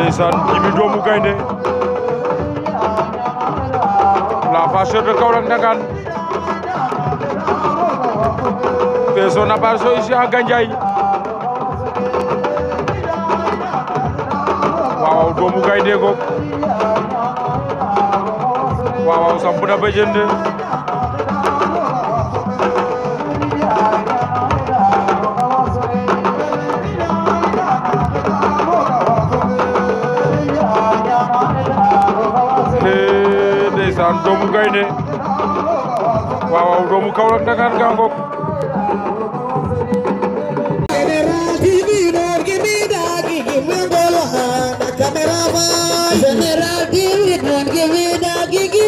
ndeysaan Djiby doomu gaynde la fâcheur de Kaolack Ndangaan fait son apparition ici à Gandiaye waaw doomu gaynde goog waaw samp na ba jënd ndeysaan doomu gaynde waaw waaw doomu Kaolack Ndakaaru gàngoog Give